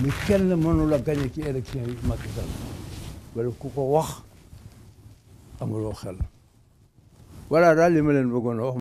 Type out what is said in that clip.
mi kenn mënu la gagné ci élection yi Macky Sall wala ku ko wax amuloo xel voilà daal li ma leen bëggoon